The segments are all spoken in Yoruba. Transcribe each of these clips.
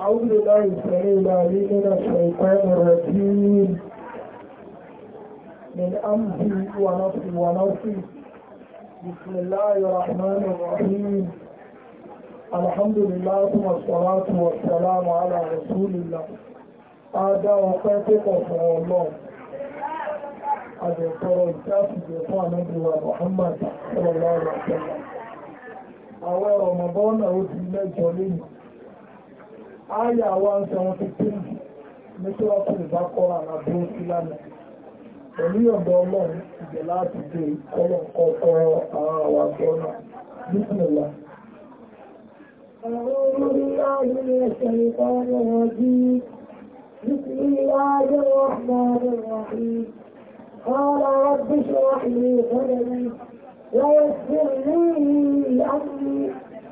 أعوذ بالله السميع العليم من الشيطان الرجيم من أمه ونفسي ونفسي بسم الله الرحمن الرحيم الحمد لله ثم الصلاة والسلام على رسول الله هذا وقفك الله أذكر الكافي بإطاعة نبي محمد صلى الله عليه وسلم أولا رمضان أو في مجلين Aya 117 ní tí wọ́n fún ìbákọ́ àlàbó sí lánàá. Pẹ̀lú ọ̀dọ̀ ọlọ́run ìjẹ̀ láti dé kọ́lọ̀ kọ́kọ́ àwọn àwọn àjọ náà. Bísmìlá. أعوذ بالله من الشيطان الرجيم بسم الله الرحمن الرحيم قال رب اشرح لي صدري ويسر لي أمري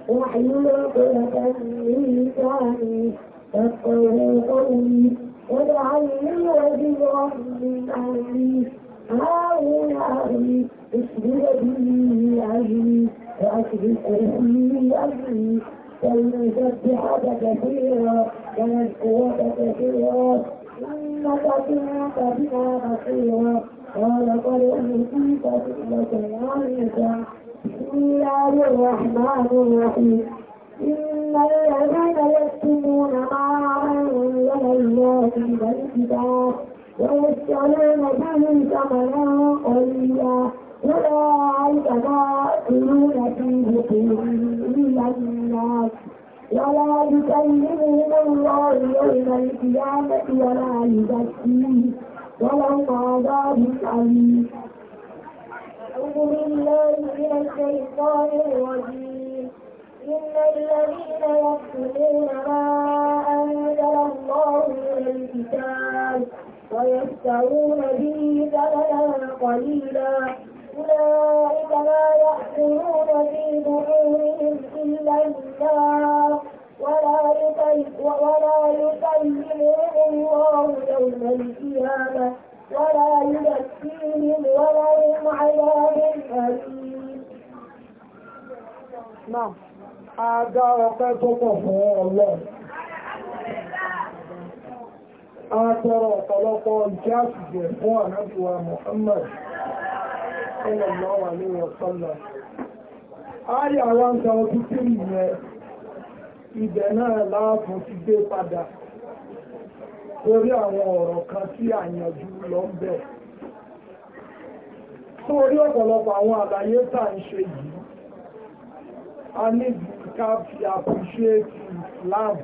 واحلل عقدة من لساني يفقهوا قولي واجعل لي وزيرا من أهلي هارون أخي اسجد به أجري وأشرك به أجري فلنسبحك كثيرا ونذكرك كثيرا إنك كنت بنا بصيرا ولقد أوتيت سؤلك عن بسم الله الرحمن الرحيم إن الذين يكتمون ما أنزل الله من الكتاب ويشترون به ثمنا قليلا أولئك داخلون في بطون الناس ولا يكلمهم الله يوم القيامة ولا يزكيهم ولهم عذاب أليم أعوذ بالله من الشيطان الرجيم إن الذين يكتمون ما أنزل الله من الكتاب ويشترون به ثمنا قليلا أولئك ما يأكلون في بطونهم إلا النار ولا يكلمهم الله يوم القيامة ولا يزكيهم ولهم عذاب أليم نعم Aga ọpẹ́ tó pọ̀ fún ọlọ́. A tọrọ ọ̀pọ̀lọpọ̀ ìjẹ́ àṣìjẹ̀ fún ànábíwa Muhammad, sallallahu alaihi ọdún tí ibẹ̀ náà láàbùn ti padà. torí àwọn ọ̀rọ̀ kan tí àyànjú lọ ń bẹ̀. Torí ọ̀pọ̀lọpọ̀ àwọn àlàyé tà ń ṣe yìí, a níbi ká fi appreciate Islam.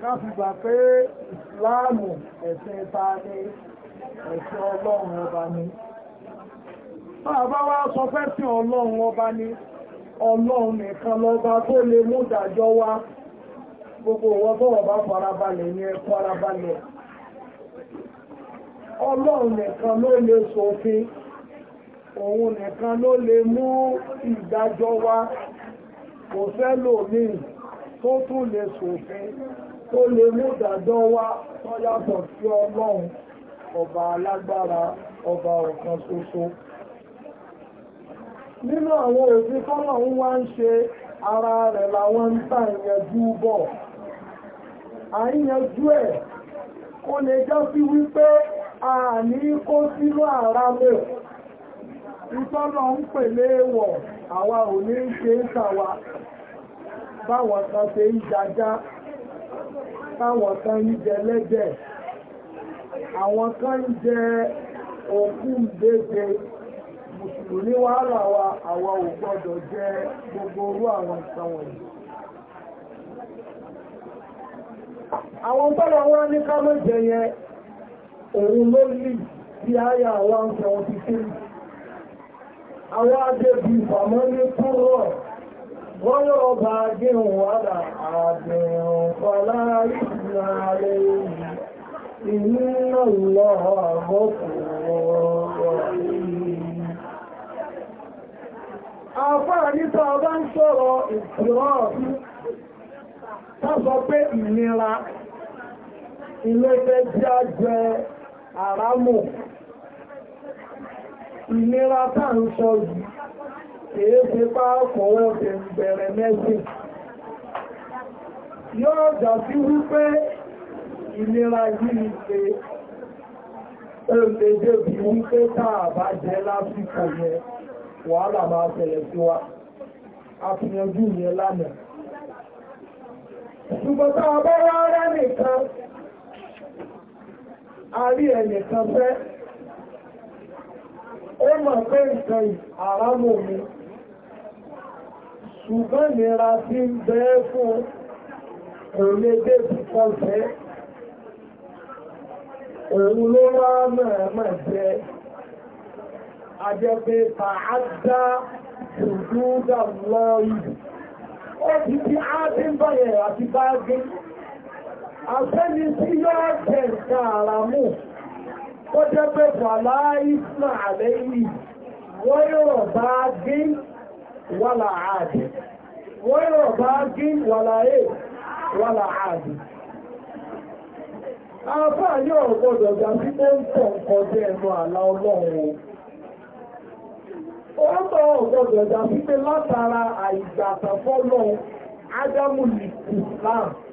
Ká fi gbà pé Islam ẹ̀sìn ta ní ẹ̀sìn ọlọ́run ọba ni. Máa bá sọ fẹ́ sí ọlọ́run ọba ni, ọlọ́run nìkan lọ́ba tó lè mú ìdájọ́ wá gbogbo wọn bọ́wọ̀ bá farabalẹ̀ ní farabalẹ̀ ọlọ́run nìkan ló lè ṣòfin òun nìkan ló lè mú ìdájọ́ wá kò fẹ́ lòmíì tó tún lè ṣòfin tó lè mú ìdájọ́ wá tó yàtọ̀ sí ọlọ́run ọba alágbára ọba ọ̀kan ṣoṣo nínú àwọn òfin tọ́lọ̀ ń wá ń ṣe ara rẹ̀ làwọn ń tà ìyẹjú bọ̀ àríyànjú ẹ̀ kó lè já sí wípé a ní kó sínú àrá mọ̀ ìtọ́nà ń pèlé wọ̀ àwa ò ní ṣe ń sàwà báwọn kan ṣe ń jajá táwọn kan ń jẹ lẹ́jẹ̀ àwọn kan ń jẹ òkú gbèsè mùsùlùmí wàhálà wa àwa ò gbọ́dọ̀ jẹ gbogbo orú àwọn ìtàn wọ̀nyí àwọn tọ́lọ wọn ní ká mọ́ jẹyẹ òun ló lì sí àyà 173 àwọn adébí ìfàmọ́ ní kúrò wọ́n yóò bá gíhùn wádà àbẹ̀rùn kọlá ìsìnà rẹ̀ inú lọ ọba ń sọ̀rọ̀ ìpìrọ̀ ọ̀fí, tá sọ pé ìnira ilé fẹ́ jájẹ àrámù ìnira tá ń sọ yìí èé fi pápọ̀ ẹ̀fẹ̀ bẹ̀rẹ̀ mẹ́sìn yóò jà sí wípé ìnira yìí ṣe ẹ̀lẹ́ débi wípé táà bá jẹ lásìkò yẹn wàhálà máa ṣẹlẹ̀ sí wa àfihànjú yẹn lánàá ṣùgbọ́n táà bá wá rẹ́ nìkan a rí ẹ̀yẹ̀ kan fẹ́ ó mọ̀ pé nǹkan àrámò mi ṣùgbọ́n nira tí ń bẹ fún kò lè dé púpọ̀ fẹ́ òun ló wá mọ̀ọ́mọ̀ jẹ́ àjẹpẹ́ tààdá òdúdà lọ́yìn ó ti ti á ti ń bọ̀yẹ̀ àti bá gbé afẹ́ni tí yóò jẹ nǹkan ara mú jẹ́ pé bàlá ìsìnà àlẹ́ yìí wọ́n yóò bá gín wàlà ààdì wọ́n yóò bá gín wàlà èè wàlà ààdì afẹ́ yóò gbọ́dọ̀ gbà sí pé ń tọ̀ nǹkan jẹ́ ẹnu àlá ọlọ́run ó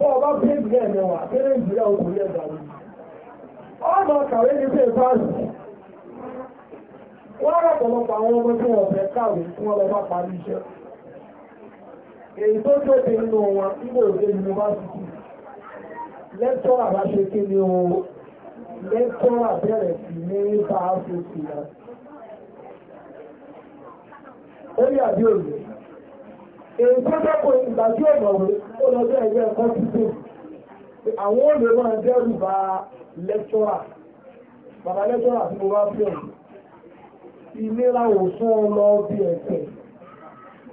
tó ọba pẹ́ẹ̀bì rẹ̀ mẹ́wàá pẹ́rẹ́ ìjìyà òkúrẹ́ ìgbàlú ọmọ kàwé ní pé fáàsì wọ́n rẹ̀ pọ̀lọpọ̀ àwọn ọmọ tí wọ́n fẹ́ kàwé tí wọ́n parí iṣẹ́ èyí tó tó ti nínú wọn nígbò òde yunifásitì lẹ́tọ́rà bá ṣe kí ni o lẹ́tọ́rà bẹ̀rẹ̀ sí ní fáàsì sí ya ó yà bí òye èyí tó tọ́kọ̀ ìgbà tí ọ̀mọ̀wé ó lọ ẹgbẹ́ ẹ̀kọ́ títò àwọn olè máa dẹ́rù bá lẹ́kṣọ́rà bàbá lẹ́kṣọ́rà tí mo bá fẹ́ ìlera bí ẹ̀sẹ̀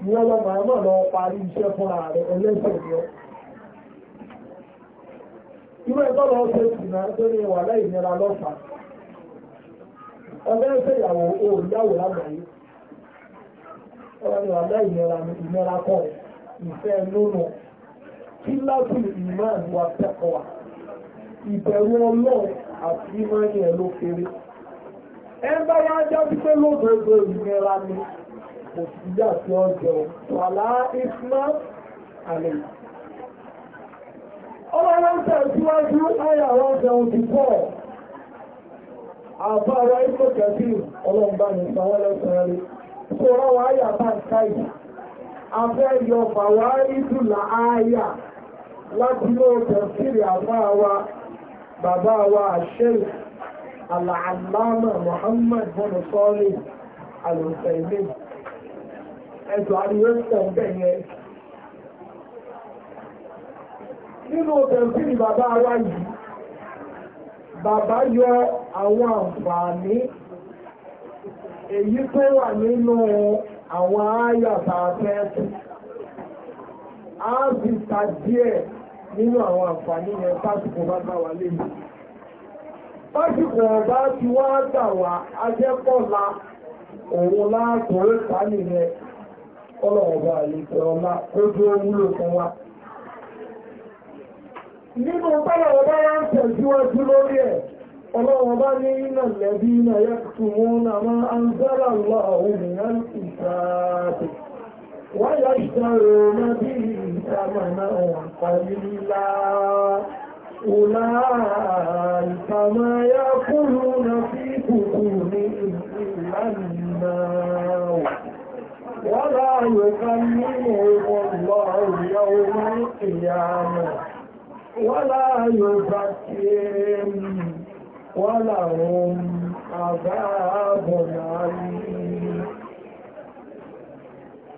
ni lọ màá náà lọ parí iṣẹ́ fúnra rẹ̀ ẹlẹ́sẹ̀ lọ irú lọ ṣe tó ní wà nira lọ́fà ẹ̀sẹ̀ ìyàwó lágbàáyé ni wà nira ìfẹ́ lónà kíláàbù ìmáà wà tẹ́kọ̀wà ìbẹ̀rù ọlọ́run àti ìmọ̀ni ẹ̀ ló kéré ẹ bá wá jẹ́ pípé lódodo ìnira ni kò sí yà sí ọjọ́ wàlá ìsmá àlè ọlọ́run tẹ̀síwájú ayàwó ọjọ́ ti pọ̀ àbára ìkó kẹfì ọlọ́mbà ní sanwó-ẹlẹ́sẹ̀rẹ́ sọ̀rọ̀ wáyà bá ń káyì afẹ́ yọ fàwárí dùn láàáyà láti ló tẹ̀síri àfáà wa bàbá wa àṣẹ́yì àlàálámà Muhammad bin Salih al-Uthaymin ẹ̀dọ̀ àríwẹ́sẹ̀ bẹ̀yẹ nínú tẹ̀síri bàbá wa yìí bàbá yọ àwọn àǹfààní èyí tó wà nínú àwọn ááyà tààfẹ́ á sì ta díẹ̀ nínú àwọn àǹfààní yẹn pásìkò bá gbà wá lé mi pásìkò ọ̀bá ti wá gbà wá ajẹ́kọ̀ọ́la òun láàtọ̀ ìta nìyẹn ọlọ́ọ̀bá àlejò ọlá ó dúró wúlò fún wa nínú tọ́lọ̀wọ̀ bá wá ń tẹ̀síwájú lórí ẹ̀ ọlọ́wọ̀ ní iná lẹ́bí iná yẹ́kùtù wọn náà máa ń sára lọ àwọn ènìyàn ìsáàtì wáyà ìsáàrò náà bí i ثمنا قليلا أولئك ما يأكلون في بطونهم إلا النار ولا يكلمهم الله يوم القيامة ولا يزكيهم ولهم عذاب عليم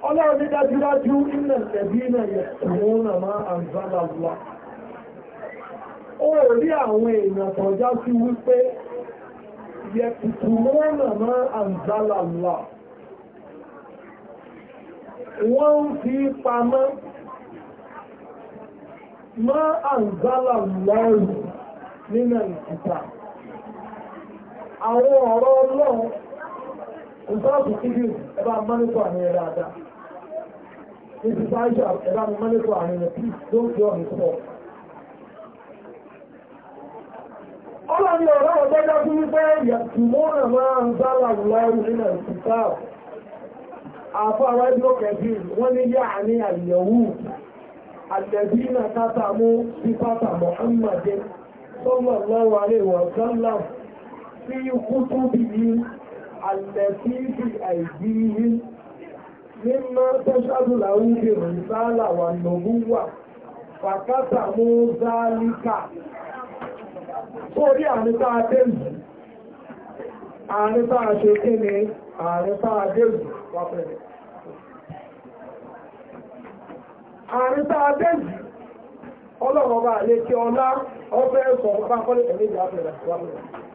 ọlọ́run ní dájúdájú ilẹ̀ ẹ̀bí náà yẹ ìwọ̀n náà máa àǹzálà wà ó rí àwọn èèyàn tọ́já sí wípé yẹ ìtùwọ́n náà máa àǹzálà wọ́n ń fi pamọ́ máa àǹzálà lọ́rùn nínú ìkìta àwọn ọ̀rọ̀ ọlọ́run ìgbọ́ọ̀bù kí bí ẹbá mọ́nítọ̀ àmì ẹ̀rẹ́ àdáa níbi báyọ̀ ẹ̀bá mi mọ́lẹ́kọ̀ àrin rẹ̀ please don't draw me for. ọlọ́run ọ̀rọ̀ ọ̀gbẹ́jọ́ fún wípé yàtùmọ́nà máa ń sára lọ́rù nínú ìsìká àfọ́ àwọn ẹgbẹ́ kẹfì wọ́n ní yà ní àyẹ̀wò àjẹ̀bí náà káta mú sí pátá mọ̀hánmàdé sọ́mọ̀ lọ́wọ́ alẹ́ wọ̀ sọ́lá sí kútùbí àjẹ̀bí àìjírí mímọ́ tẹ́ṣàdùlà oúnjẹ rìsáàlà wà lọ́gbú wà fàkátà mú záálíkà sórí àrítà adéjù àrítà aṣèké ni àrítà adéjù wápẹ̀lẹ̀ àrítà adéjù ọlọ́wọ́ bá lè kí ọlá ọfẹ́ sọ̀rọ̀ bá kọ́lẹ̀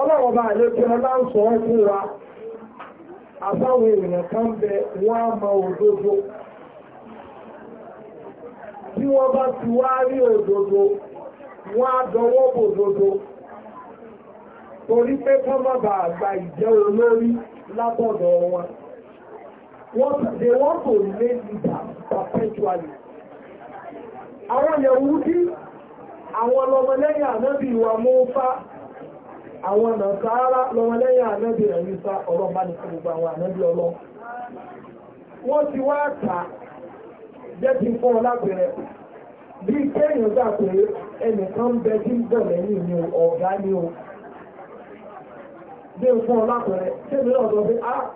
ọlọ́wọ́ bá àlejò ọlá ń sọ fún wa àbáwọn èèyàn kan bẹ wọ́n á mọ òdodo tí wọ́n bá ti wá rí òdodo wọ́n á dọwọ́ òdodo torí pé kọ́ má bàa àgbà ìjẹ́ olórí látọ̀dọ̀ wọn they want to remain leader perpetually àwọn yẹ̀wú dí àwọn ọlọ́mọlẹ́yìn ànábì ìwà mọ́fà àwọn nàkàrà lọ́wọ́ lẹ́yìn ànábì rẹ̀ sá ọ̀rọ̀ bá ní fún gbogbo àwọn ànábì ọlọ́run wọ́n ti wá tà jẹ́ fún ọ bí kéèyàn gbà pé ẹnìkan bẹ tí ń bọ̀ lẹ́yìn ọ̀gá ni o bí fún ọ pé ah,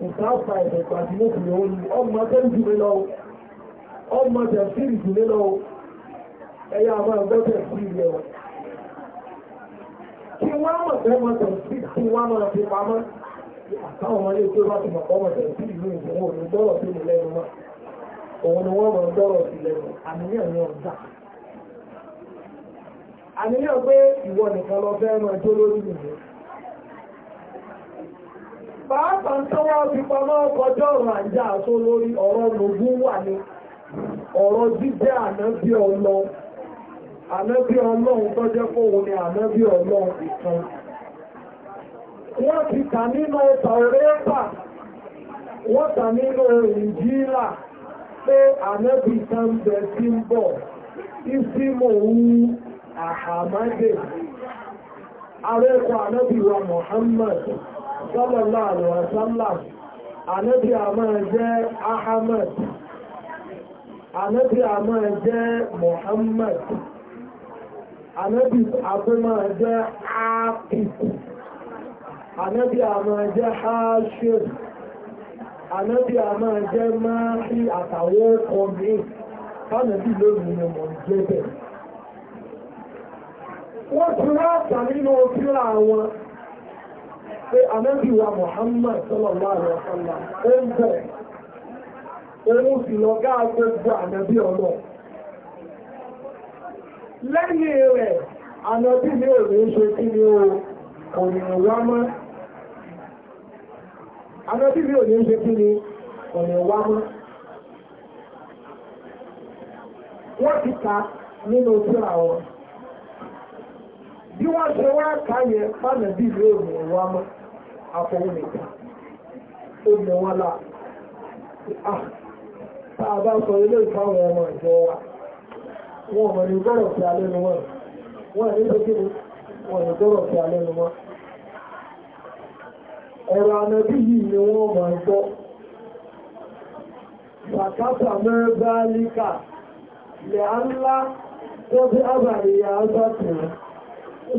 a nǹkan àfà ẹ̀sẹ̀ pàtí mo òun ọmọ kí wọ́n mọ̀ pé wọ́n tẹ̀ sí kí wọ́n fi pamọ́ àtàwọn ọmọdé tó bá ti mọ̀ pọ́ tẹ̀ sí ìlú ìgbòho òní gbọ́rọ̀ sí mi lẹ́nu náà òun ni wọ́n mọ̀ gbọ́rọ̀ sí lẹ́nu àníyàn ni pé ìwọ nìkan lọ fẹ́ mọ ẹjọ́ lórí nìyẹn pàápàá ń tọ́wọ́ fi pamọ́ ọ̀rọ̀ àjà àtó lórí ọ̀rọ̀ lògún wà ní ọ̀rọ̀ jíjẹ́ àná ànábí ọlọ́run tó jẹ́ fóun ni ànábí ọlọ́run ìkan wọ́n ti tà nínú tàórẹ́pà wọ́n tà nínú ìjìlá pé ànábí kan bẹ sí ń bọ̀ ìsímò ń àhàmádé arẹ́kọ̀ ànábí wa Muhammad sallallahu alaihi ànábí a jẹ́ ànábí jẹ́ ànábì àbó máa jẹ́ ápìkù ànábì a máa jẹ́ áṣẹ́rù ànábì a máa jẹ́ máa rí àtàwọn ọkọ̀ mi fánàbí lónìí ni mọ̀ jẹ́ bẹ̀ wọ́n ti wá àtà nínú fíra wọn pé ànábì wa Muhammad sallallahu alaihi wasallam ó ń bọ̀ òun sì lọ lẹ́yìn rẹ̀ ànàbí ní òní ṣe kí ni o kò ní wá mọ́ ní òní ni kò ní wá mọ́ wọ́n ti ka nínú síra wọn bí wọ́n ṣe wá ká yẹ pànàbí ní òní wá mọ́ àfọwọ́ nìkan ó wọ́n ah, tá a bá sọ ilé ìfáwọn ọmọ wọn ò ní gbọ́rọ̀ sí alẹ́ nu wọn wọn ní lókè wọn ní gbọ́rọ̀ sí alẹ́ nu wọn ọ̀rọ̀ ànábì yìí ni wọ́n máa gbọ́ bàkátà mẹ́rẹ́bá líkà lẹ́ ńlá tó bí àbàrí àbátì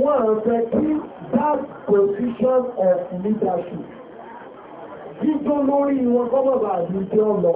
wọ́n à fẹ́ kí that position of leadership jíjó lórí wọn kọ́ bàbá àdúgbò lọ.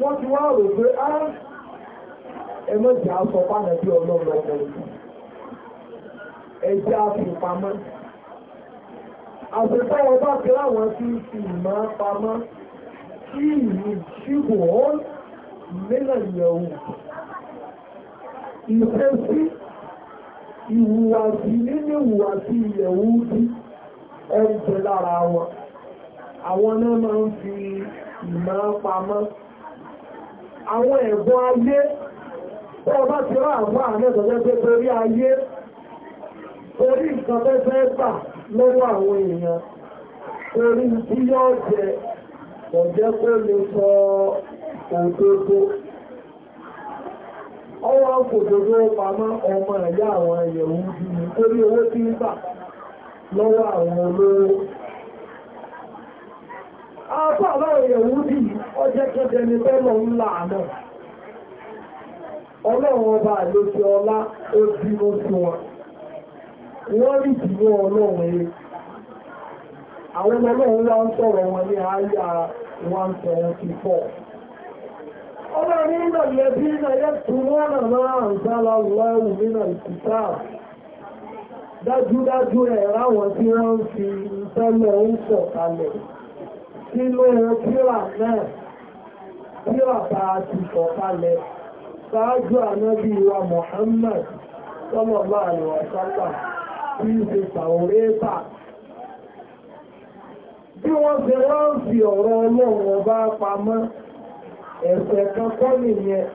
wọ́n ti wá rò pé á ẹmọ́jà sọ pàdé bí ọlọ́run ọmọ ìlú ẹjẹ́ àfipamọ́ àṣepẹ́ ọba tí láwọn tí fi ìmọ̀ pamọ́ kí ìlú ṣíbò ó nílẹ̀ yẹ̀wò ìfẹ́sí ìhùwàsí nínú ìhùwàsí ìyẹ̀wò bí ẹ̀jẹ̀ lára wọn àwọn náà máa ń fi ìmọ̀ pamọ́ àwọn ẹ̀bùn ayé tó ọba ti rá àwọn àmẹ́sọ̀jẹ́ pé torí ayé torí nǹkan fẹ́fẹ́ gbà lọ́wọ́ àwọn èèyàn torí tí yóò jẹ ọ̀jẹ́ kó lè sọ òdodo ọwọ́ òkòdodo pamọ́ ọmọ ẹ̀yà àwọn ẹ̀yẹ̀wò bí torí owó tí ń gbà lọ́wọ́ àwọn olówó àbá aláwọ̀ ìyẹ̀wú bí ọjẹ́ kẹjẹ ní bẹ́lọ̀ ńlá àná ọlọ́run ọba àlejò ọlá ó bí ó sí wọn wọ́n rí ọlọ́run àwọn ọlọ́run wá ń sọ̀rọ̀ wọn ní àyà 174 ọlọ́run nínú tún náà máa ń sálà lọ́rùn dájúdájú ẹ̀ nínú tíra náà tíra bá a ti sọ̀kalẹ̀ ṣáájú ànábì wa Muhammad sọ́lọ̀lá àlùwàsápà tí ń ṣe sàórẹ́bà bí wọ́n ṣe wá ń fi ọ̀rọ̀ ọlọ́run ọba pamọ́ ẹ̀sẹ̀ kan nìyẹn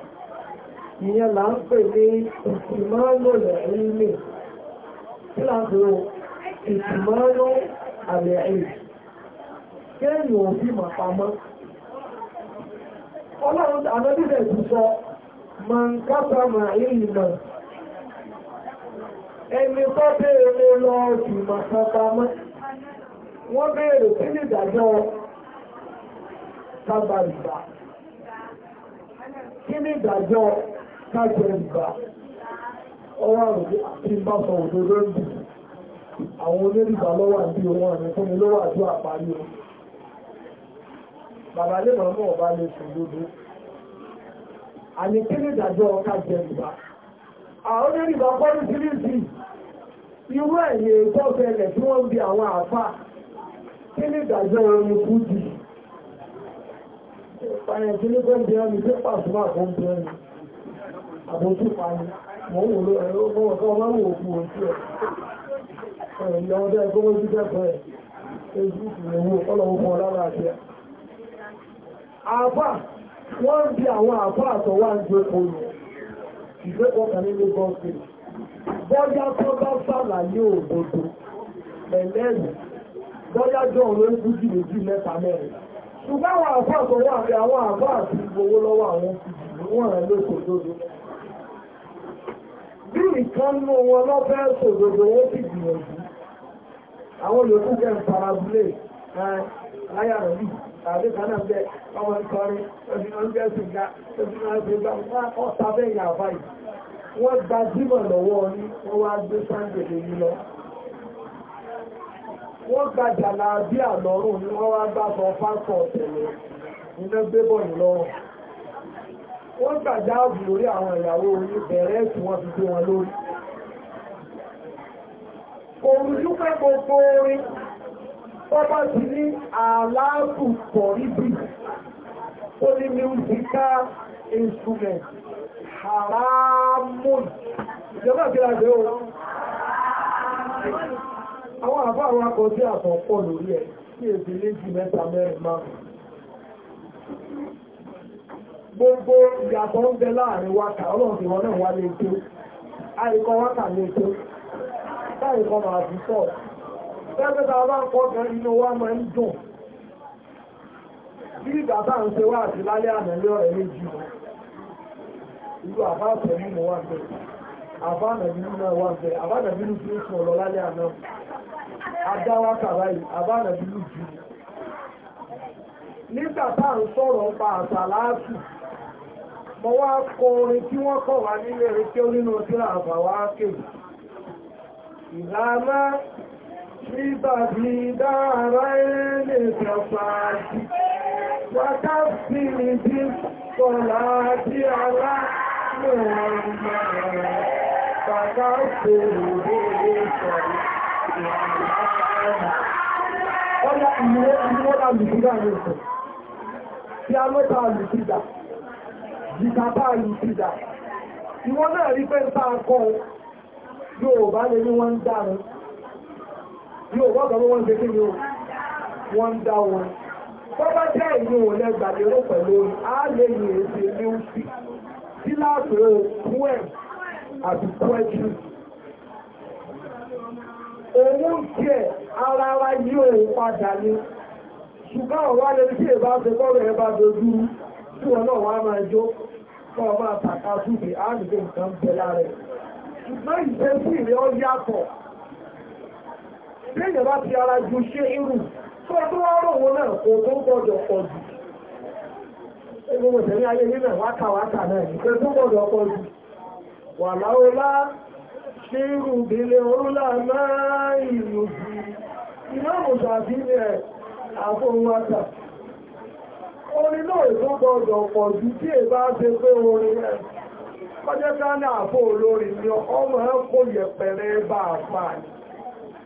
ìyẹn là ń pè ní ìtìmọ́lò lẹ́yìn lè kí láti ro ìtìmọ́lò kéèyàn ò ma pamọ́ ọlọ́run àdọ́bíbẹ̀ ti sọ ń kápá mà èyí ẹni tó ma lọ sí mà pamọ́ wọ́n béèrè sí ìdájọ́ tábà ìgbà kí ni ìdájọ́ kájẹ ìgbà ọwọ́ àrùn tí ń bá sọ ń bì àwọn lọ́wọ́ bàbá lè mọ̀ mọ́ lè sùn lódó àní kí ní ìdájọ́ ọkà jẹ rìbá àwọn onírìbá pọ́lú síríìsì irú ẹ̀yẹ tí wọ́n ń bi àwọn àfà kí ní ìdájọ́ tí ní gbọ́n bẹ́ẹ̀ tí pàṣípà fún bẹ́ẹ̀ ni àbójú pani mọ̀ ń ẹ̀rọ ẹ̀ ẹ̀yìn ọdẹ àbá wọ́n bí àwọn àbá àtọ̀wà ń gbé kòrò ìgbé ọkàn nínú gọ́ọ̀sì bọ́yá tó bá sàlàyé òdodo ẹ̀lẹ́rìí bọ́yá jọ ọ̀rọ̀ ikú jì méjì mẹ́ta mẹ́rin ṣùgbọ́n àwọn àbá àwọn àbá àti lọ́wọ́ àwọn tàbí kan náà bẹ ọmọ ìkọrin ọdún ọdún ẹ̀sùn ga ọdún ọdún ọdún ọdún ọ̀tá bẹ́ẹ̀ yà báyìí wọ́n gba jímọ̀ lọ́wọ́ ní wọ́n wá gbé sáńgèdè yìí lọ wọ́n gba jàlá bí àlọ́rùn ní wọ́n wá gbà sọ pásọ̀ ọ̀tẹ̀lẹ̀ iná gbé bọ̀ ní lọ́rùn wọ́n gbà jáàbù lórí àwọn ìyàwó orí bẹ̀rẹ̀ ẹ̀sùn wọn fi gbé wọn lórí òrùjú pẹ́ gbogbo orin Ọba ti ní àlàáfù pọ̀ níbi, ó ní mìúsíká instrument, haramun. Ìjọba ti rà jẹ́ o. Àwọn àbá àwọn akọ̀ sí àtọ̀pọ̀ lórí ẹ̀ sí èsì léjì mẹ́ta mẹ́rin máa. Gbogbo ìyàtọ̀ ń bẹ láàrin wákà, ọlọ́run ti wọ́n náà wá lé tó. Àìkọ wákà lé tó. Táìkọ màá fi sọ́ọ̀. Ẹgbẹ́ta ọba ń kọ́ gan inú wa máa ń dùn. Bí bàbá ń ṣe wá àti lálẹ́ àná lé ọ̀rẹ́ méjì wọn. Irú àbá àtẹ̀mí mo wà bẹ́ẹ̀. Àbá ànàbínú náà wà bẹ́ẹ̀. Àbá ànàbínú fi ń sùn lọ lálẹ́ àná. Adáwá kàrá yìí, àbá ànàbínú jù. Nígbà tá ń sọ̀rọ̀ pa àṣà láàtù, mo wá kọ orin tí wọ́n kọ̀ wá nílé rẹ̀ tí ó nínú tíra àbàwá kéwì. Ìlànà ببني دارين كفاك وكفني بالصلاة على محمد فكفني بالصلاة Ọjọ́ ìwọ́n ìwọ́n àlùsídà ní ọ̀sẹ̀. Tí a mọ́ta àlùsídà, jìkàtà àlùsídà. Ìwọ́n náà rí pẹ́ ń tàà kọ́ yóò bá lè ní wọ́n ń dára yóò wọ́n gbọ́ wọ́n ṣe kí ni wọ́n dá wọn bọ́bá jẹ́ ìlú òun lẹ́gbàdérò pẹ̀lú ààlẹ́ yìí èsì music síláàpù poem àti poetry òun jẹ́ ara ara yí òun padà ní ṣùgbọ́n ọ̀wá lẹ́rí tí èbá ṣe kọ́rọ̀ ẹ bá dojú tí wọn náà wá máa jó fún ọmọ àtàkà súnfì àádùgbò nǹkan bẹ̀rẹ̀ rẹ̀ ṣùgbọ́n ìṣesí rẹ̀ ó yàtọ̀ lẹ́yìn bá fi ara ju ṣe irú tó tó wá rò wọn náà kò tó gbọdọ̀ pọ̀ jù egun ayé yìí náà náà ní tó gbọdọ̀ pọ̀ wà láwọlá irú orúlà máa ìlú iná ẹ̀ àfọwọ́ta orin náà tó gbọdọ̀ pọ̀ tí è bá ṣe pé orin ká ní àfọ olórin ni ọmọ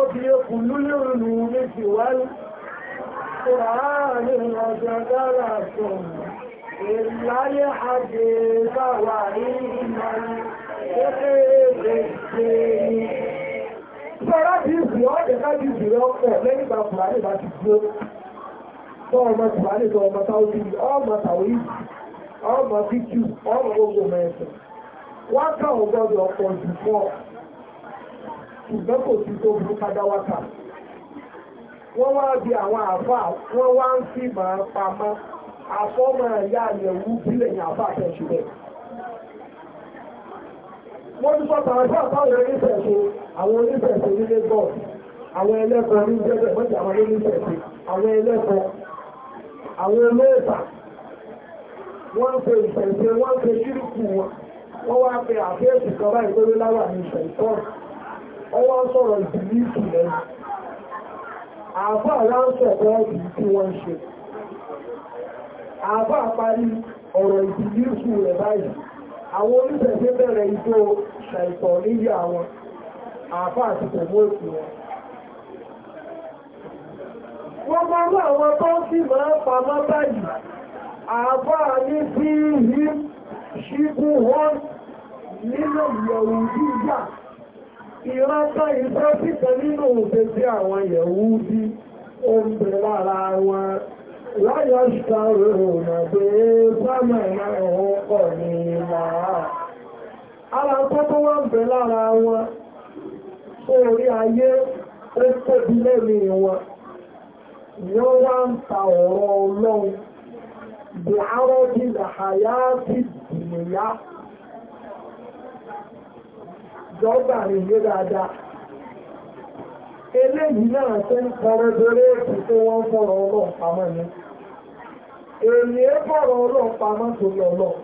obìnrin kù lúlùrù méjì wáyé kò ráàrin ọjọ́ dára sùn ìláyé àjẹ́ báwà ti ìsìn ọ́ ẹ̀ká ti ìsìn ọ̀pọ̀ lẹ́yìn ìgbà Fùlàní bá ti gbó. Tọ́ọ̀mọ̀ Fùlàní tọ́ọ̀mọ̀ Sáúdí, ọmọ Tàwí, ọmọ Fíkú, ọmọ gbogbo Wọ́n ọgbọ́dọ̀ jù fún ọ. ṣùgbọ́n kò sí tó padà kádáwátà wọ́n wá bí àwọn àfà wọ́n wá ń fi màá pamọ́ àfọ́mọ́ ẹ̀yà àyẹ̀wò bílẹ̀ ní àfà àtẹ̀sù rẹ̀ wọ́n ti sọ́ta àfà àtàwọn onífẹ̀ẹ́sẹ̀ àwọn onífẹ̀ẹ́sẹ̀ nílé bọ́ọ̀lù àwọn ẹlẹ́kọ̀ọ́ ní mọ́jà àwọn onífẹ̀ẹ́sẹ̀ àwọn ẹlẹ́kọ̀ọ́ àwọn olóòtà wọ́n ọwọ́ ń sọ̀rọ̀ ìbìlísù lẹ́nu àbá aláǹsọ̀ bọ́ọ̀dì tí wọ́n ṣe àbá parí ọ̀rọ̀ ìbìlísù rẹ̀ báyìí àwọn oníṣẹ̀ṣẹ̀ bẹ̀rẹ̀ ìjó ṣàìtọ̀ níyì àwọn àbá àti tòmóòtì wọn wọ́n máa ń àwọn tó ń sì máa ń pamọ́ báyìí àbá ní bí i ṣíkú wọn nínú ìyẹ̀wò yíyà ìrántá ìfẹ́ síkẹ̀ nínú òṣèṣẹ́ àwọn yẹ̀wú bí ó ń bẹ lára wọn láyọ̀ ṣàrò ònàgbé sámà náà wọ́n pọ̀ ní ìlà ara tó tó wá ń bẹ lára wọn sórí ayé ó tóbi lẹ́nu wọn yọ́ wá ń ta ọ̀rọ̀ ọlọ́run bí arọ́bí làhàyá ti dìnyá jọba rìn lé dáadáa eléyìí náà tó ń kọrọ dorí èkó tó wọ́n ni èyí fọ̀rọ̀ ọlọ́run pamọ́ torí ọlọ́run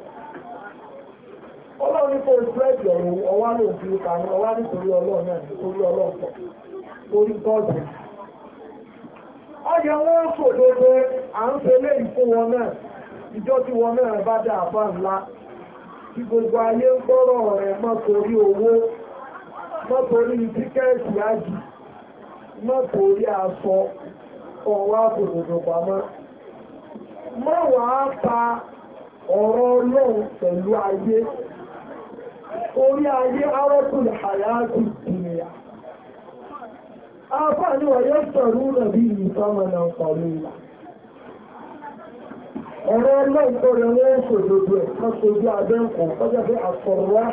ọlọ́run kò spread ọ̀rọ̀ ọwá ló fi kàní ọwá nítorí ọlọ́run náà ọlọ́run pọ̀ torí gọ́ọ̀dù wọn kò à ń fún wọn náà ìjọ tí wọn náà gbogbo ayé ń gbọ́rọ̀ rẹ̀ mọ́tòrí tíkẹ́ẹ̀tì ájì mọ́tòrí aṣọ ọ̀wá tòròdò pamọ́ mọ́wàá pa ọ̀rọ̀ ọlọ́run pẹ̀lú ayé orí ayé arọ́kùn àyájú ìrìnà afá ní sọ̀rọ̀ nàbí ìfọ́mọ̀nà pọ̀lú ìlà ọ̀rọ̀ ọlọ́run rẹ̀ wọ́n ṣòdodo ẹ̀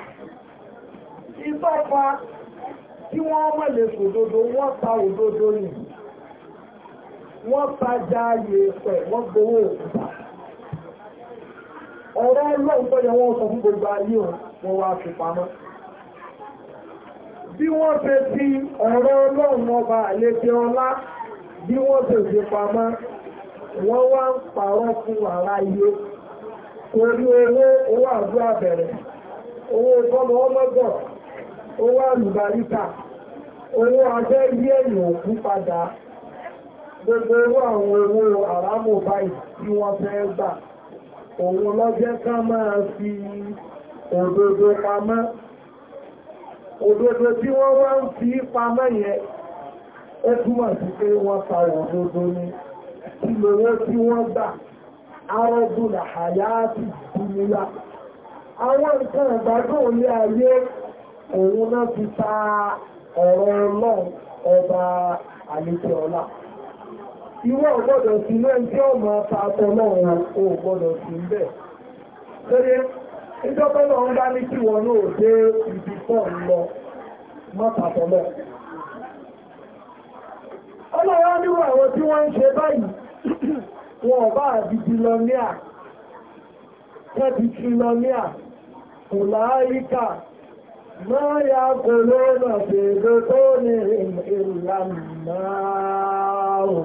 ìtọ́pa tí wọ́n mọ̀lẹ̀ sòdodo wọ́n ta òdodo nì wọ́n tajà yèèpẹ̀ wọ́n gbowó òkúta ọ̀rọ̀ ọlọ́run tó yẹ wọ́n sọ fún gbogbo ayé wọn wá fi pamọ́ bí wọ́n ṣe fi ọ̀rọ̀ ọlọ́run ọba àlejò ọlá bí wọ́n ṣe fi pamọ́ wọ́n wá ń pààrọ̀ fún ara iye torí owó owó àdúrà bẹ̀rẹ̀ owó ìfọ́nà ọmọgbọ̀n owó àlùbáríkà owó abẹ́ ilé èèyàn òkú padà gbogbo owó àwọn owó àrámò báyìí tí wọ́n fẹ́ gbà òun lọ́jẹ́ ká máa fi òdodo pamọ́ òdodo tí wọ́n wá ń fi pamọ́ yẹn ó túmọ̀ sí pé wọ́n fa òdodo ni kí lówó tí wọ́n gbà arọ́dún àyáàtì ìdúnmúlá àwọn nǹkan ìgbádùn ilé ayé òun náà fi ta ọ̀rọ̀ ọlọ́run ọba àlejò ọlá ọgbọ́dọ̀ sí ilé ẹjọ́ ọmọ o gbọ́dọ̀ sí ń bẹ̀ lórí ìjọba náà ń ibi pọ̀ ń lọ mọ́tàtọ̀ wọn ọba àdìdì lọ ní à tẹ́bìtì lọ ní à kò ما يقولون في بطونهم إلا النار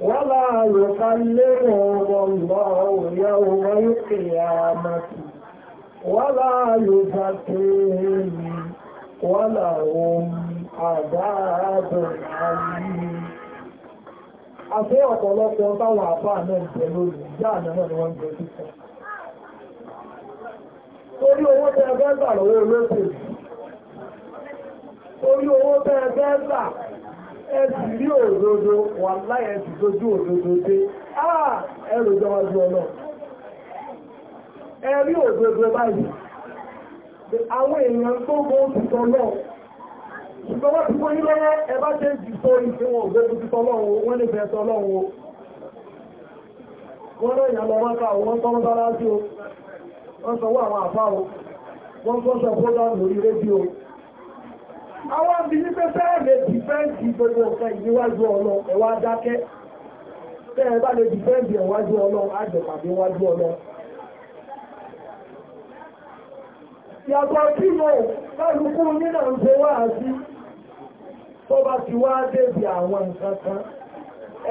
ولا يكلمهم الله يوم القيامة ولا يزكيهم ولهم عذاب عليم àti ọ̀pọ̀lọpọ̀ táwọn àbá náà jẹ lórí ìjà náà ni wọ́n jẹ títọ́ torí owó tẹ́ ẹgbẹ́ gbà lọ́wọ́ olóṣèlú torí owó tẹ́ ẹgbẹ́ gbà ẹ̀sì rí òdodo wà láì ẹ̀sì tójú òdodo dé áà ah, ẹrù jọwájú ọ̀nà ẹ̀rí òdodo báyìí àwọn èèyàn tó gbọ́ òtítọ́ náà ṣùgbọ́n wọ́n ti kóyí lọ́wọ́ ẹ bá ṣe jù sọ ìfihàn òdodo títọ́ lọ́wọ́ wọ́n lè fẹ́ tọ́ lọ́wọ́ wọ́n lọ́yìn lọ́wọ́ ká òun tọ́lọ́ bá láti o wọ́n sọ wọ́n àwọn àfáwọ́ wọ́n tó sọ program lórí rédíò àwọn ibi ní pé fẹ́ẹ̀ lè dìfẹ́ǹsì gbogbo nǹkan ìníwájú ọlọ ẹ̀wà dákẹ́ fẹ́ẹ̀ bá lè dìfẹ́ǹsì ẹ̀wájú ọlọ àjọpàdé wájú ọlọ yàtọ̀ tí mo kálukú nínà ń ṣe wá sí tó bá ti wá débi àwọn nǹkan kan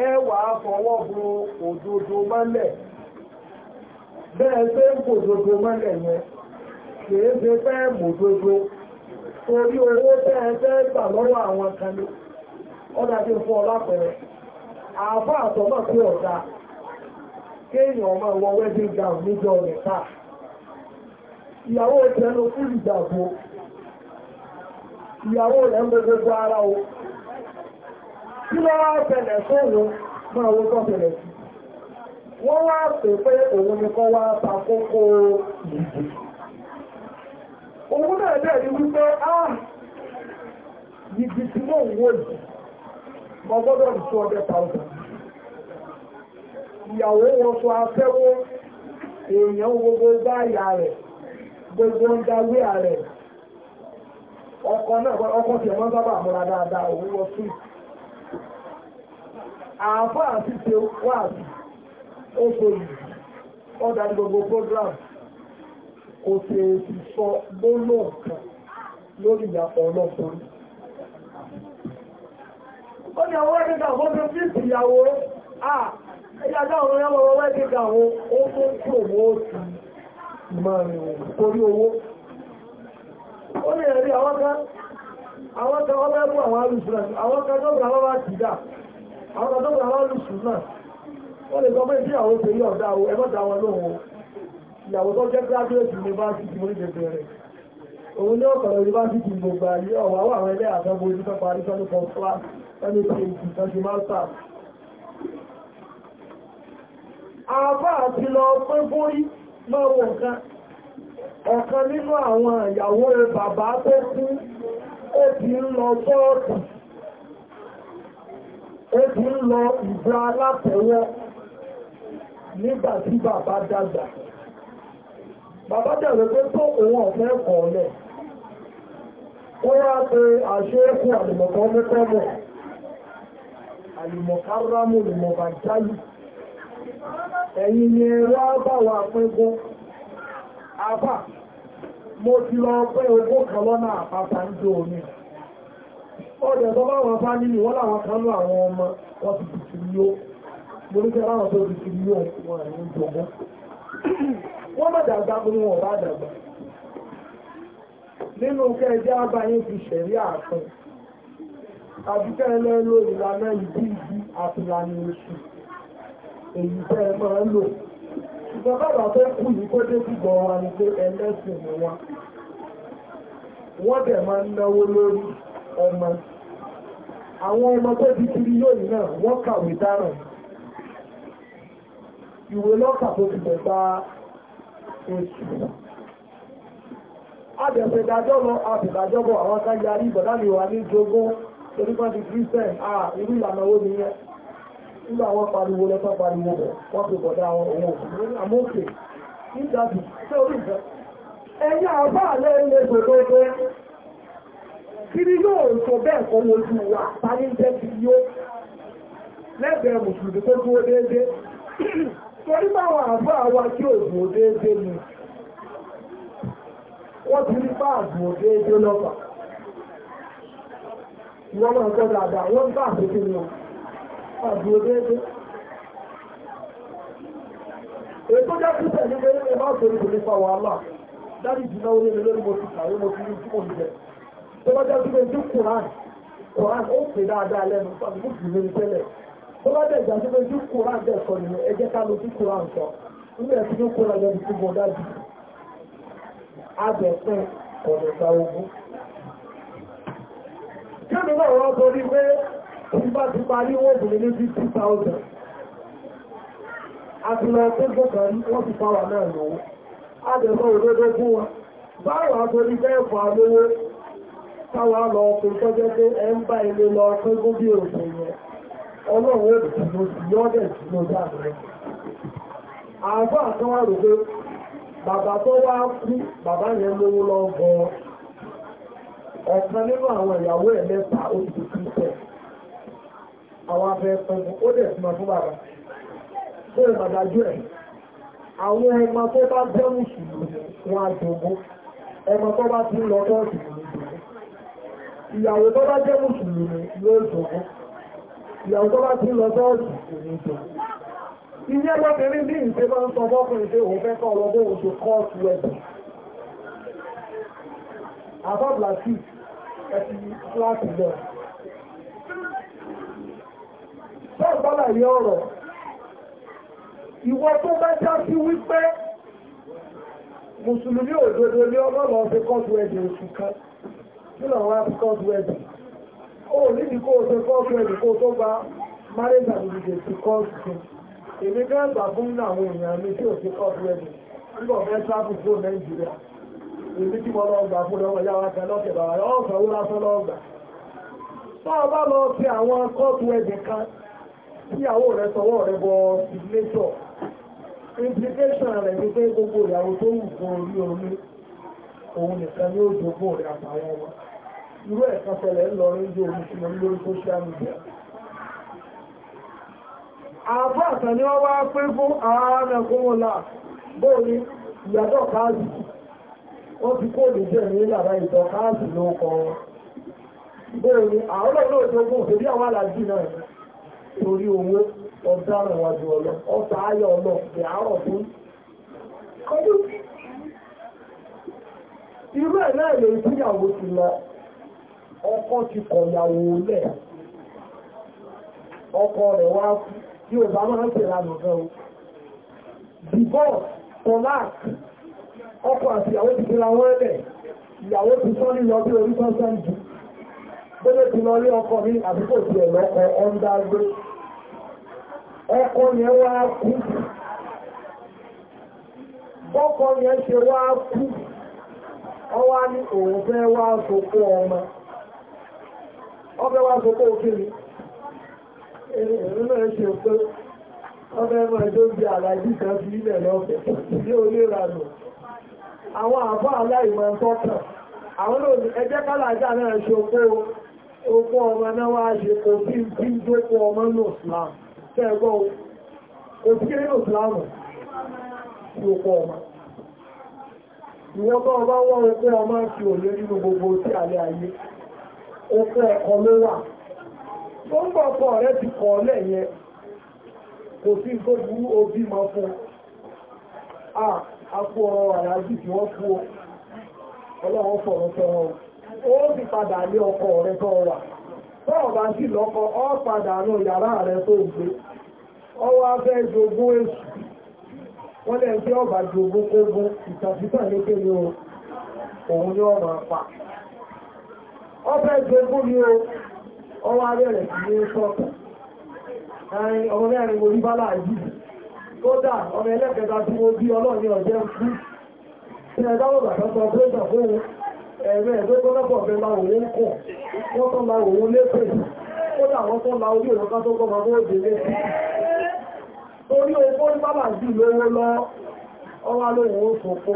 ẹ wàá fọwọ́ bo òdodo mọ́lẹ̀ bẹ́ẹ̀ pé ń kò dodo mọ́lẹ̀ yẹn kìí ṣe fẹ́ owó bẹ́ẹ̀ fẹ́ gbà lọ́wọ́ àwọn kan ní fún ọ àtọ́mọ̀ kéèyàn ọmọ ìwọ wedding gown níjọ ìyàwó tẹnu fún ìjàgbó ìyàwó rẹ̀ ń gbogbo ara o kí lọ́wọ́ fẹ̀lẹ̀ máa wọ́n wá pè pé òun ni kọ́ wá òun náà dẹ̀ rí wípé ah yìí tí mò ń wò gbọ́dọ̀ ní two ìyàwó wọn sọ èèyàn gbogbo bá ìyá gbogbo ń ọkọ náà tí ẹ̀mọ́ sábà múra dáadáa òun sí ó fòyì gbogbo program kò sì sọ gbólóǹkan lórí ìyàpọ̀ ọlọ́kùnrin ó ní àwọn ẹ̀dẹ́gbà fọ́nà fíìsì ìyàwó à ẹ̀yàdá àwọn ọwọ́ ẹ̀dẹ́gbà àwọn tó owó ti máa rìn torí owó ó ní ẹ̀rí àwọn wọ́n lè sọ pé bí àwọn òṣèlú ọ̀dá o ẹgbẹ́ ta wọn lóhun ìyàwó tó jẹ́ graduate university mo ní bẹ̀rẹ̀ rẹ̀ òun ní ọ̀sọ̀rọ̀ university gbogbo ayé ọ̀wọ́ àwọn àwọn ẹgbẹ́ àtọ́gbò ojú tó parí sọ́nù kan ó ti ń lọ ìgbà alátẹ̀wọ́ nígbà tí bàbá dàgbà bàbá dàgbà pé tó òun ọ̀fẹ́ kọ̀ ọ̀lẹ̀ ó wá pé àṣẹ ẹkùn àlùmọ̀kọ́ mẹ́kọ́mọ̀ àlùmọ̀kárámù lùmọ̀bà jáyì ẹ̀yìn ni wá bá wà pẹ́gbọ́ àbá mo ti lọ pẹ́ ogó kan lọ́nà àpáta ń jò omi ọdẹ̀ tó bá wọn bá nínú wọ́n láwọn kan lọ àwọn ọmọ wọ́n ti tìtì yóò lórúkẹ́ ráwọ̀ tó ti fi ní ọ̀pọ̀ àwọn ìjọba wọ́n má dàgbà bí wọn bá dàgbà nínú kẹjẹ́ àbáyé fi ṣẹ̀rí ààfin àbíkẹ́ ẹlẹ́lò ìlànà ìdí ìdí àtìlànà oṣù èyí tẹ́ ẹ máa ń lò ṣùgbọ́n bàbá tó kù yìí kó dé bùgbọ́ wa ni pé ẹlẹ́sìn ni wọn wọ́n dẹ̀ máa ń náwó lórí ọmọ àwọn ọmọ tó di kiri yóò náà wọ́n kàwé dáràn yìí ìwé lọ́kà tó ti bẹ̀ta oṣù àbẹ̀fẹ̀dájọ́ lọ àbẹ̀dájọ́bọ̀ àwọn káyà rí ìbọ̀dáni wà ní jogún torípá ti christian àà irú ìlànà owó nìyẹn nígbà wọn pariwo lọ́tọ́ pariwo bẹ̀ wọ́n fi bọ̀dá àwọn òun òfin àmókè nígbàtí tí orí ìfẹ́ ẹ̀yà àbáàlẹ́ ilé tòlótó kiri yóò sọ bẹ́ẹ̀ kọ́ lójú wa parí jẹ́ ti yó lẹ́gbẹ̀ẹ́ mùsùlùmí tó dúró déédéé torí báwọn àbá wa tí ò dùn déédé ni wọ́n ti rí bá àdùn déédé lọ́fà wọ́n máa gbọ́ dáadáa wọ́n bá àdúgbò ni wọ́n àdùn déédé. ètò jẹ́ pípẹ́ ní pé ẹ máa sọ ìbò nípa wàhálà dáàbì jìnnà orí mi lórí mo ti kàwé mo ti rí tí mo ń jẹ tó bá jẹ́ pípẹ́ ní kùrán kùrán ó pè dáadáa lẹ́nu fún tẹ́lẹ̀. tó bá dẹ̀ ìjà tó bẹ ju koran dẹ̀ sọ nínú ẹ jẹ́ ká lọ sí koran sọ nígbà tí ó koran lọ sí bọ̀dá jù abẹ̀fẹ́ ọ̀nà ìgbà ogun. Kíni náà wọ́n torí pé tí bá ti parí wọ́n bùn ní bí 2000. Àti lọ tó gbọ́kàn rí wọ́n ti fáwà náà lọ́wọ́. Abẹ̀fẹ́ òdodo fún wa. Báwọn àtorí pé ẹ̀fọ́ alówó táwa lọ ọkùnrin tó pé ẹ ń bá ilé lọ ọlọ́run ẹ̀bù tí mo sì yọ́dẹ̀ tí mo bá rẹ̀. àbá kan wá rò pé bàbá tó wá kú bàbá yẹn lówó lọ gan ọ̀kan nínú àwọn ìyàwó ẹ̀ mẹ́ta ó ti fi tẹ̀ àwọn abẹ́ pẹ̀lú ó dẹ̀ fún ọ fún bàbá tó ẹ̀ àwọn ẹmọ tó bá jẹ́ mùsùlùmí wọn àjògbó ẹmọ ìyàwó tó bá ti lọ sọ́ọ̀sì ilé ẹgbọ́kẹrin bí ìṣe bá ń sọ bọ́kùnrin pé òun fẹ́ kọ́ ọlọ́gbọ́ oṣù kọ́ọ̀tù ẹ̀bù àbábláṣì ẹ̀tì láti lọ sọ́ọ̀ bọ́lá yẹ ọ̀rọ̀ ìwọ tó bá já sí wípé mùsùlùmí òdodo ní ọlọ́lọ́ fi kọ́ọ̀tù ẹ̀bù oṣù kan kí lọ́wọ́ á fi kọ́ọ̀tù ẹ̀bù o ṣe ose ẹ̀dì kó o gba marriage and religion course fún èmi gẹ́gbà fún àwọn èèyàn mi tí ò sí fọ́ọ̀fẹ́ ẹ̀dì nígbà ọ̀fẹ́ fún Nàìjíríà èmi tí mo lọ gbà fún wa kan lọ́kẹ̀ bàbá yọ ọ̀sán fún gbà tó o bá lọ sí àwọn kọ́ọ̀tù ẹ̀dì kan tíyàwó gbogbo ìyàwó tó wù irú ẹ̀kan ṣẹlẹ̀ ń lọ rí yóò mú sí lórí lórí social media àbá àtàn ni pín fún ààrẹ kúmọ̀lá bóòrí ìyàtọ̀ káàzì ó ti kó lè jẹ́ ní ìlànà ìtọ̀ káàzì ló àwọn ọlọ́run tó òṣèlú àwọn náà torí owó ọ̀daràn ọlọ ayọ̀ ọlọ fún irú ẹ̀ náà lè ti ọkọ ti kọ̀yàwó lẹ̀ ọkọ rẹ̀ wá tí ò bá máa ń tèrà o divorce ọkọ àti ìyàwó ti tèrà wọ́n ìyàwó ti sọ́ nílọ bí orí sọ́sán jù gbẹ́lẹ̀ ti lọ rí ọkọ ní àdúgbò ti ọ́ndágbé ọkọ yẹn wá kú yẹn ṣe wá ọbẹ̀ wá gbogbo òkèrè ẹ̀rùn náà ṣe pé ọbẹ̀ máa tó gbé àlàjí kan fi ilẹ̀ lọ́fẹ̀ ní oníranù àwọn àbọ̀ aláìmọ̀ tọ́kàn àwọn lòdì ẹjẹ́ kálàjá náà ṣe pé okó ọmọ náà wá ṣe kò bí bí dókó ọmọ náà Islam tẹ́gbọ́ kò sí kéré náà Islam sí okó ọmọ ìwọ́n bá wọ́n okó ọmọ ti ò lé nínú gbogbo sí alẹ́ ayé ofe ẹ̀kọ́ ló wà tó ń bọ̀ ọkọ rẹ ti kọ̀ ọ́lẹ̀ yẹn kò sí obi máa fún a akú ọ̀rọ̀ àyájú tí wọ́n fún ọ ọlọ́run fọ̀rọ̀ sọ̀rọ̀ ó sì padà lé ọkọ rẹ tó wà tó ọba ọ padà nù yàrá rẹ tó gbé ọwọ́ afẹ́ jogún èṣù wọ́n lẹ́yìn ọba jogún ní kéde òun ni ọ̀rọ̀ pa. Ọ bụ ni o ọwọ́ sí ní sọ́ọ̀tà ẹ̀yìn ọmọ mẹ́rin mo rí bálá yìí kódà ọmọ ẹlẹ́kẹta tí mo bí ọlọ́ọ̀ni ọ̀jẹ́ fún tí ẹ dáwọ̀ bàtà sọ pé fún un ẹ̀rẹ́ lọ́pọ̀ fẹ́ la òun kọ̀ wọ́n tán òun lépè kódà wọ́n orí òun lépè torí owó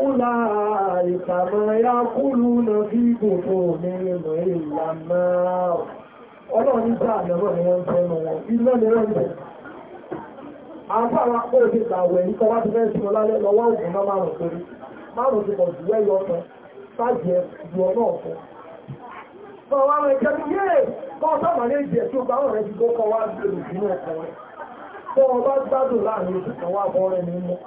أولئك ما يأكلون في بطونهم إلا النار Ọlọ́run ní sáà lọ́wọ́ ni wọ́n ń fẹ́nu wọn, iná ni wọ́n ń bẹ̀. Àfáàrà pé òfin ìgbàwẹ̀ ní kọwá fẹ́ sí ọlálẹ́ lọ́wọ́ náà márùn-ún torí. Márùn-ún ti pọ̀ jù ọ̀tọ̀, sáàjì ẹ̀ ju ọ̀nà àwọn kọ́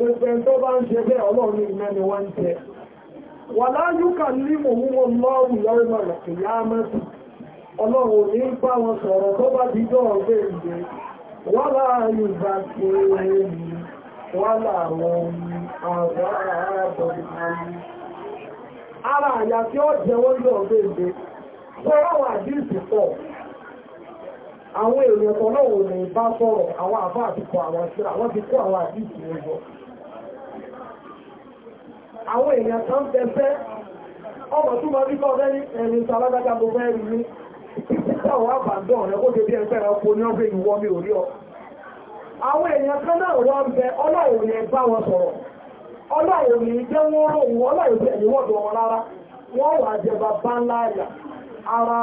gbogbo ẹ̀tọ́ bá ń ṣe bẹ́ẹ̀ ọlọ́run ìmẹ́ni wọ́n tẹ́ wà láyúkà ní òun ọlọ́run lọ́rọ̀ ìyámẹ́sì ọlọ́run ní bá wọn sọ̀rọ̀ tó bá ti jọ ọgbẹ́ wà láàrin ìgbà wọ́n àwọn èèyàn tọ́lọ́wọ̀ ní bá sọ̀rọ̀ àwọn àbá àwọn èèyàn kan tẹ́fẹ́ ọmọ tó máa ríkọ́ ọ̀rẹ́ ní ẹ̀rin sàlágágá gbogbo ní títà wà bàndọ̀ rẹ̀ kó dé bí ẹgbẹ́ ẹranko ní ọgbẹ́ ìwọ́ mi ò rí ọ àwọn èèyàn kan náà wọ́n bẹ wọn sọ̀rọ̀ jẹ́ wọ́n ara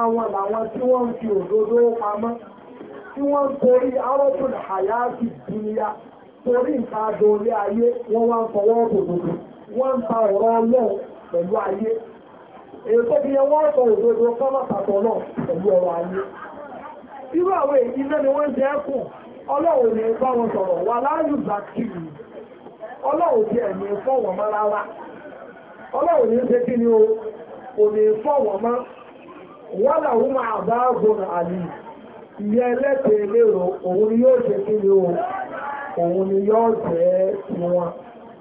wọn làwọn wọ́n wọ́n ń ta ọ̀rọ̀ ọlọ́run pẹ̀lú ayé èyí tó bí wọ́n sọ òdodo náà pẹ̀lú ọ̀rọ̀ ayé irú àwọn èyí náà ni wọ́n jẹ́ kù ọlọ́run ní wọn sọ̀rọ̀ wà láàyè bàkìrì ọlọ́run ẹ̀mí ọlọ́run ní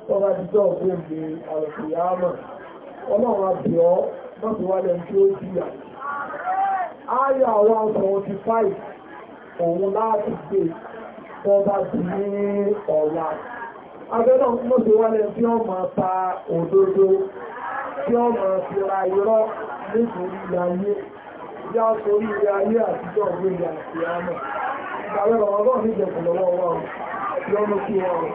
tọ́ba jíjọ́ ògbóǹde àlùkìyàmọ̀ ọlọ́run àbíọ́ mọ́tò wálẹ̀ tí ó jìyà áyà wa seventy five òun láti gbé tọ́ba jì ní ọ̀la abẹ́nà mọ́tò wálẹ̀ tí ó máa ta òdodo tí ó máa fi ra irọ́ nítorí ayé yá sórí ayé àtijọ́ ògbóǹde àlùkìyàmọ̀ ìgbàlẹ́ ọ̀rọ̀ ọlọ́run níjẹ̀kùn lọ́wọ́ ọlọ́run yọ́nú kí wọ́n rọ̀.